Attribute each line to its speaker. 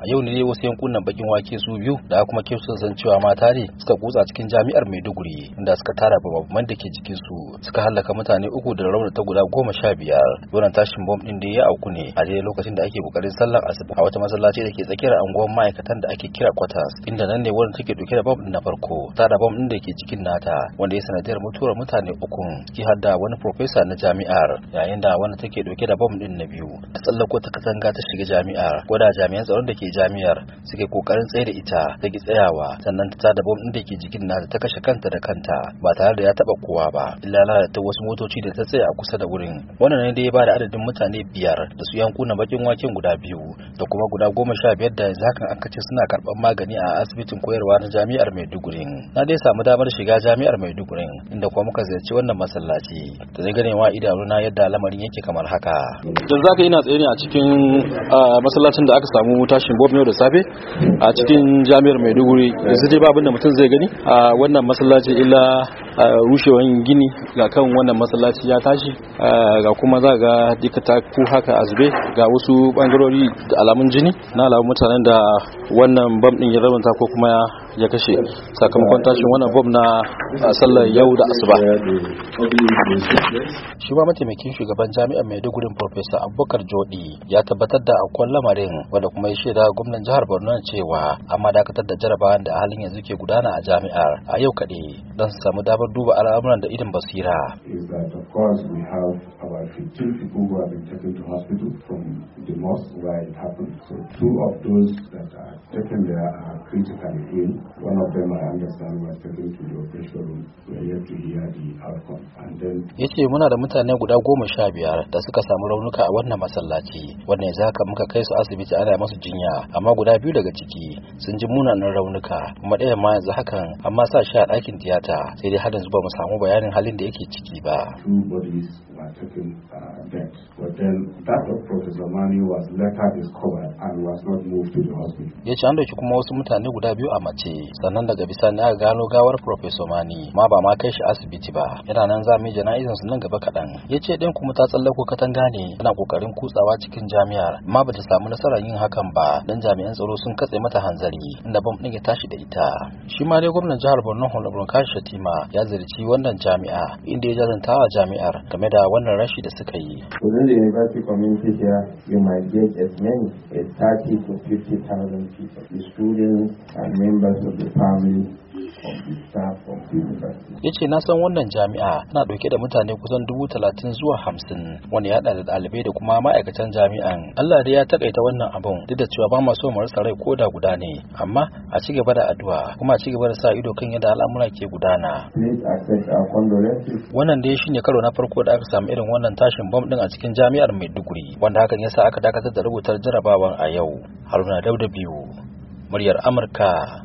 Speaker 1: a yau ne wasu yankunan bakin wake su biyu da kuma ke san cewa mata ne suka kutsa cikin jami'ar maiduguri inda suka tara babban da ke jikin su suka halaka mutane uku da raunar ta guda goma sha biyar wannan tashin bom din da ya auku ne a daidai lokacin da ake kokarin sallar asuba a wata masallaci da ke tsakiyar anguwan ma'aikatan da ake kira kwatas inda nan ne wurin take dauke da bom din na farko tara bom din da ke cikin nata wanda ya sanadiyar mutuwar mutane uku ki har da wani profesa na jami'ar yayin da wanda take dauke da bom din na biyu ta tsallako ta katanga ta shiga jami'ar gwada jami'an tsaron da ke jami'ar suke kokarin tsaye da ita ta ki tsayawa sannan ta tada bom din da ke jikin nata ta kashe kanta da kanta ba tare da ya taba kowa ba illa lalata wasu motoci da ta tsaya a kusa da wurin wannan ne da ya bada adadin mutane biyar da su yankuna bakin waken guda biyu da kuma guda goma sha biyar da yanzu hakan kace suna karban magani a asibitin koyarwa na jami'ar Maiduguri na dai samu damar shiga jami'ar Maiduguri inda kuma muka ziyarci wannan masallaci da zai idanu na yadda lamarin yake kamar haka
Speaker 2: yanzu haka ina tsaye ne a cikin ah, masallacin da aka samu tashin borno da safe a cikin jami'ar maiduguri yanzu dai ba abin da mutum zai gani a wannan masallaci illa rushewan gini ga kan wannan masallaci ya tashi ga kuma za ga duka ta ku haka azbe ga wasu bangarori da alamun jini na alamun mutanen da wannan bam din ya rabanta ko kuma ya kashe sakamakon tashin wannan bom na sallar yau da asuba
Speaker 1: shi ma mataimakin shugaban jami'ar maidugurin profesa abubakar jodi ya tabbatar da akwai lamarin wanda kuma ya shaida gwamnan jihar borno cewa an dakatar da jarabawan da halin yanzu ke gudana a jami'ar a yau kaɗai don sami samu damar duba al'amuran da irin basira So two of those that are taken there are critically ill One of them I understand was taken to the operation where to hear the outcome and then yace muna da mutane guda goma sha biyar da suka samu raunuka a wannan masallaci wanda yanzu haka muka kai su asibiti ana masu jinya amma guda biyu daga ciki sun ji munanan raunuka kuma ɗaya ma yanzu hakan amma sa shi a ɗakin tiyata sai dai har yanzu ba mu samu bayanin halin da yake ciki ba. Uh, ya ce an dauki kuma wasu mutane guda biyu a mace asibiti sannan daga bisani aka gano gawar professor mani ma ba ma kai shi asibiti ba yana nan za mu yi jana'izan su nan gaba kaɗan ya ce ɗin kuma ta tsallako katanga ne tana ƙoƙarin kutsawa cikin jami'ar amma ba ta samu nasarar yin hakan ba dan jami'an tsaro sun katse mata hanzari inda bam ɗin ya tashi da ita shi ma dai gwamnan jihar borno honorable kashi shatima ya ziyarci wannan jami'a inda ya jazanta wa jami'ar game da wannan rashi da suka yi within the university community here you might get as many as 30 to people students and members ya ce na san wannan jami'a na ɗauke da mutane kusan dubu talatin zuwa hamsin wani ya da ɗalibai da kuma ma'aikatan jami'an allah da ya takaita wannan abun duk da cewa ba ma so mu rai ko da guda ne amma a ci gaba da addu'a kuma a ci gaba da sa ido kan yadda al'amura ke gudana wannan dai shine karo na farko da aka samu irin wannan tashin bom din a cikin jami'ar maiduguri wanda hakan ya sa aka dakatar da rubutar jarabawan a yau haruna dauda biyu muryar amurka